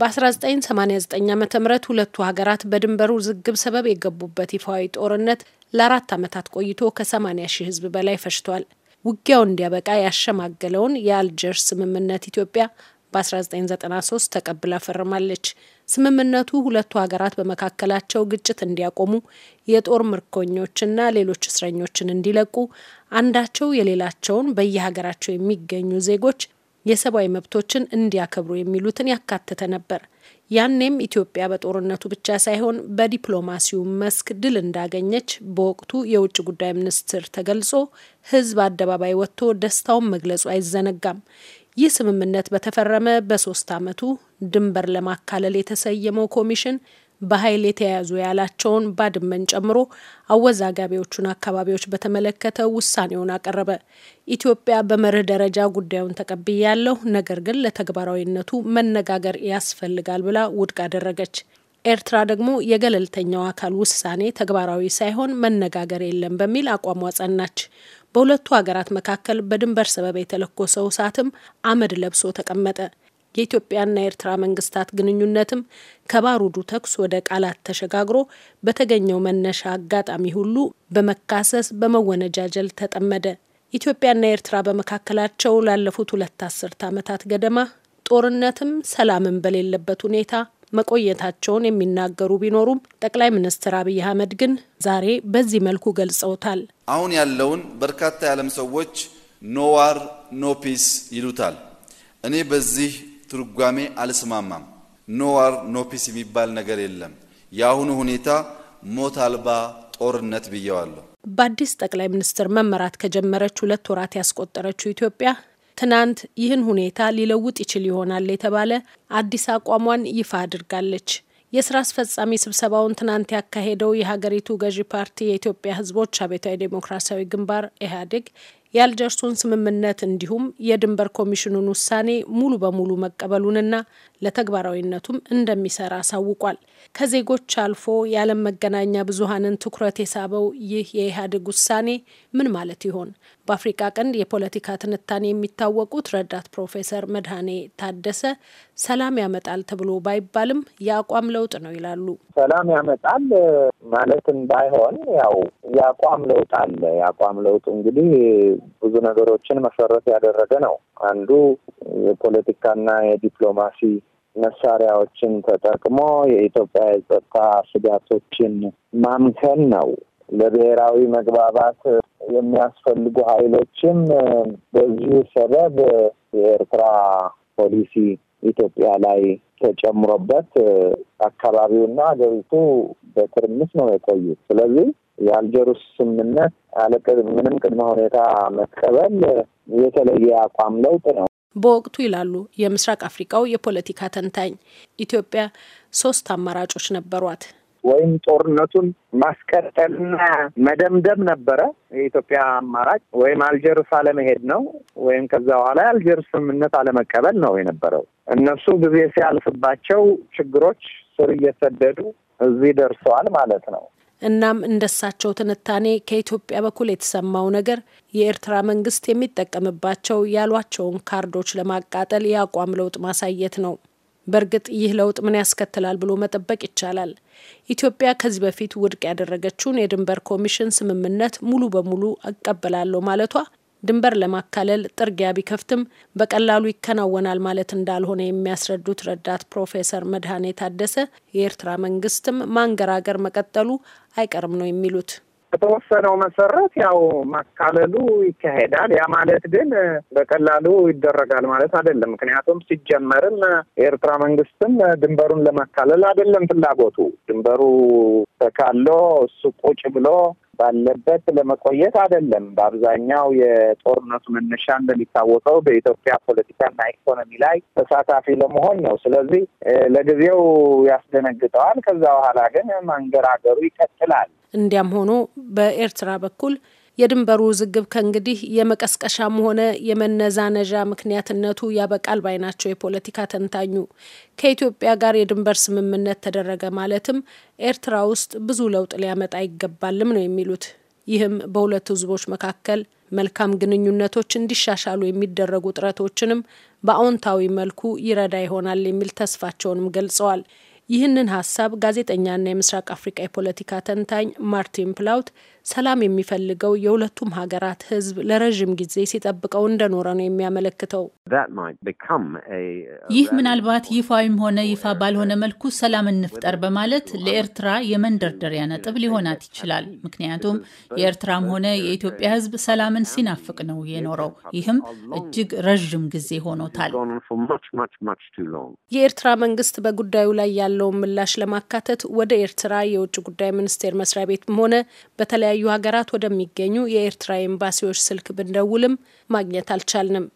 በ1989 ዓ ም ሁለቱ ሀገራት በድንበሩ ዝግብ ሰበብ የገቡበት ይፋዊ ጦርነት ለአራት ዓመታት ቆይቶ ከ80 ሺህ ህዝብ በላይ ፈሽቷል። ውጊያው እንዲያበቃ ያሸማገለውን የአልጀርስ ስምምነት ኢትዮጵያ በ1993 ተቀብላ ፈርማለች። ስምምነቱ ሁለቱ ሀገራት በመካከላቸው ግጭት እንዲያቆሙ፣ የጦር ምርኮኞችና ሌሎች እስረኞችን እንዲለቁ፣ አንዳቸው የሌላቸውን በየሀገራቸው የሚገኙ ዜጎች የሰብአዊ መብቶችን እንዲያከብሩ የሚሉትን ያካተተ ነበር። ያኔም ኢትዮጵያ በጦርነቱ ብቻ ሳይሆን በዲፕሎማሲው መስክ ድል እንዳገኘች በወቅቱ የውጭ ጉዳይ ሚኒስትር ተገልጾ ሕዝብ አደባባይ ወጥቶ ደስታውን መግለጹ አይዘነጋም። ይህ ስምምነት በተፈረመ በሶስት ዓመቱ ድንበር ለማካለል የተሰየመው ኮሚሽን በኃይል የተያያዙ ያላቸውን ባድመን ጨምሮ አወዛጋቢዎቹን አካባቢዎች በተመለከተ ውሳኔውን አቀረበ። ኢትዮጵያ በመርህ ደረጃ ጉዳዩን ተቀብያለሁ፣ ነገር ግን ለተግባራዊነቱ መነጋገር ያስፈልጋል ብላ ውድቅ አደረገች። ኤርትራ ደግሞ የገለልተኛው አካል ውሳኔ ተግባራዊ ሳይሆን መነጋገር የለም በሚል አቋሟ ጸናች። በሁለቱ ሀገራት መካከል በድንበር ሰበብ የተለኮሰው እሳትም አመድ ለብሶ ተቀመጠ። የኢትዮጵያና የኤርትራ መንግስታት ግንኙነትም ከባሩዱ ተኩስ ወደ ቃላት ተሸጋግሮ በተገኘው መነሻ አጋጣሚ ሁሉ በመካሰስ በመወነጃጀል ተጠመደ። ኢትዮጵያና ኤርትራ በመካከላቸው ላለፉት ሁለት አስርት ዓመታት ገደማ ጦርነትም ሰላምን በሌለበት ሁኔታ መቆየታቸውን የሚናገሩ ቢኖሩም ጠቅላይ ሚኒስትር አብይ አህመድ ግን ዛሬ በዚህ መልኩ ገልጸውታል። አሁን ያለውን በርካታ የዓለም ሰዎች ኖዋር ኖፒስ ይሉታል። እኔ በዚህ ትርጓሜ አልስማማም። ኖ ዋር ኖ ፒስ የሚባል ነገር የለም። የአሁኑ ሁኔታ ሞት አልባ ጦርነት ብየዋለሁ። በአዲስ ጠቅላይ ሚኒስትር መመራት ከጀመረች ሁለት ወራት ያስቆጠረችው ኢትዮጵያ ትናንት ይህን ሁኔታ ሊለውጥ ይችል ይሆናል የተባለ አዲስ አቋሟን ይፋ አድርጋለች። የስራ አስፈጻሚ ስብሰባውን ትናንት ያካሄደው የሀገሪቱ ገዢ ፓርቲ የኢትዮጵያ ሕዝቦች አብዮታዊ ዴሞክራሲያዊ ግንባር ኢህአዴግ የአልጀርሱን ስምምነት እንዲሁም የድንበር ኮሚሽኑን ውሳኔ ሙሉ በሙሉ መቀበሉንና ለተግባራዊነቱም እንደሚሰራ አሳውቋል። ከዜጎች አልፎ የዓለም መገናኛ ብዙሃንን ትኩረት የሳበው ይህ የኢህአዴግ ውሳኔ ምን ማለት ይሆን? በአፍሪካ ቀንድ የፖለቲካ ትንታኔ የሚታወቁት ረዳት ፕሮፌሰር መድኃኔ ታደሰ ሰላም ያመጣል ተብሎ ባይባልም የአቋም ለውጥ ነው ይላሉ። ሰላም ያመጣል ማለትም ባይሆን ያው የአቋም ለውጥ አለ። የአቋም ለውጥ እንግዲህ ብዙ ነገሮችን መሰረት ያደረገ ነው። አንዱ የፖለቲካና የዲፕሎማሲ መሳሪያዎችን ተጠቅሞ የኢትዮጵያ የጸጥታ ስጋቶችን ማምከን ነው። ለብሔራዊ መግባባት የሚያስፈልጉ ኃይሎችም በዚሁ ሰበብ የኤርትራ ፖሊሲ ኢትዮጵያ ላይ ተጨምሮበት አካባቢውና ሀገሪቱ በትርምስ ነው የቆዩት። ስለዚህ የአልጀሩስ ስምምነት ምንም ቅድመ ሁኔታ መቀበል የተለየ አቋም ለውጥ ነው በወቅቱ ይላሉ የምስራቅ አፍሪካው የፖለቲካ ተንታኝ። ኢትዮጵያ ሶስት አማራጮች ነበሯት። ወይም ጦርነቱን ማስቀጠልና መደምደም ነበረ የኢትዮጵያ አማራጭ። ወይም አልጀርስ አለመሄድ ነው፣ ወይም ከዛ በኋላ የአልጀርስ ስምምነት አለመቀበል ነው የነበረው። እነሱ ጊዜ ሲያልፍባቸው ችግሮች ስር እየሰደዱ እዚህ ደርሰዋል ማለት ነው። እናም እንደሳቸው ትንታኔ ከኢትዮጵያ በኩል የተሰማው ነገር የኤርትራ መንግስት የሚጠቀምባቸው ያሏቸውን ካርዶች ለማቃጠል የአቋም ለውጥ ማሳየት ነው። በእርግጥ ይህ ለውጥ ምን ያስከትላል ብሎ መጠበቅ ይቻላል። ኢትዮጵያ ከዚህ በፊት ውድቅ ያደረገችውን የድንበር ኮሚሽን ስምምነት ሙሉ በሙሉ እቀበላለሁ ማለቷ ድንበር ለማካለል ጥርጊያ ቢከፍትም በቀላሉ ይከናወናል ማለት እንዳልሆነ የሚያስረዱት ረዳት ፕሮፌሰር መድኃኔ ታደሰ የኤርትራ መንግስትም ማንገራገር መቀጠሉ አይቀርም ነው የሚሉት። በተወሰነው መሰረት ያው ማካለሉ ይካሄዳል። ያ ማለት ግን በቀላሉ ይደረጋል ማለት አይደለም። ምክንያቱም ሲጀመርም የኤርትራ መንግስትም ድንበሩን ለማካለል አይደለም ፍላጎቱ ድንበሩ ተካሎ እሱ ቁጭ ብሎ ባለበት ለመቆየት አይደለም። በአብዛኛው የጦርነቱ መነሻ እንደሚታወቀው በኢትዮጵያ ፖለቲካና ኢኮኖሚ ላይ ተሳታፊ ለመሆን ነው። ስለዚህ ለጊዜው ያስደነግጠዋል። ከዛ በኋላ ግን ሀገሩ ይቀጥላል። እንዲያም ሆኖ በኤርትራ በኩል የድንበሩ ውዝግብ ከእንግዲህ የመቀስቀሻም ሆነ የመነዛነዣ ምክንያትነቱ ያበቃል ባይ ናቸው የፖለቲካ ተንታኙ። ከኢትዮጵያ ጋር የድንበር ስምምነት ተደረገ ማለትም ኤርትራ ውስጥ ብዙ ለውጥ ሊያመጣ ይገባልም ነው የሚሉት። ይህም በሁለቱ ህዝቦች መካከል መልካም ግንኙነቶች እንዲሻሻሉ የሚደረጉ ጥረቶችንም በአዎንታዊ መልኩ ይረዳ ይሆናል የሚል ተስፋቸውንም ገልጸዋል። ይህንን ሀሳብ ጋዜጠኛና የምስራቅ አፍሪቃ የፖለቲካ ተንታኝ ማርቲን ፕላውት ሰላም የሚፈልገው የሁለቱም ሀገራት ህዝብ ለረዥም ጊዜ ሲጠብቀው እንደኖረ ነው የሚያመለክተው። ይህ ምናልባት ይፋዊም ሆነ ይፋ ባልሆነ መልኩ ሰላም እንፍጠር በማለት ለኤርትራ የመንደርደሪያ ነጥብ ሊሆናት ይችላል። ምክንያቱም የኤርትራም ሆነ የኢትዮጵያ ህዝብ ሰላምን ሲናፍቅ ነው የኖረው። ይህም እጅግ ረዥም ጊዜ ሆኖታል። የኤርትራ መንግስት በጉዳዩ ላይ ያለውን ምላሽ ለማካተት ወደ ኤርትራ የውጭ ጉዳይ ሚኒስቴር መስሪያ ቤትም ሆነ በተለያዩ በተለያዩ ሀገራት ወደሚገኙ የኤርትራ ኤምባሲዎች ስልክ ብንደውልም ማግኘት አልቻልንም።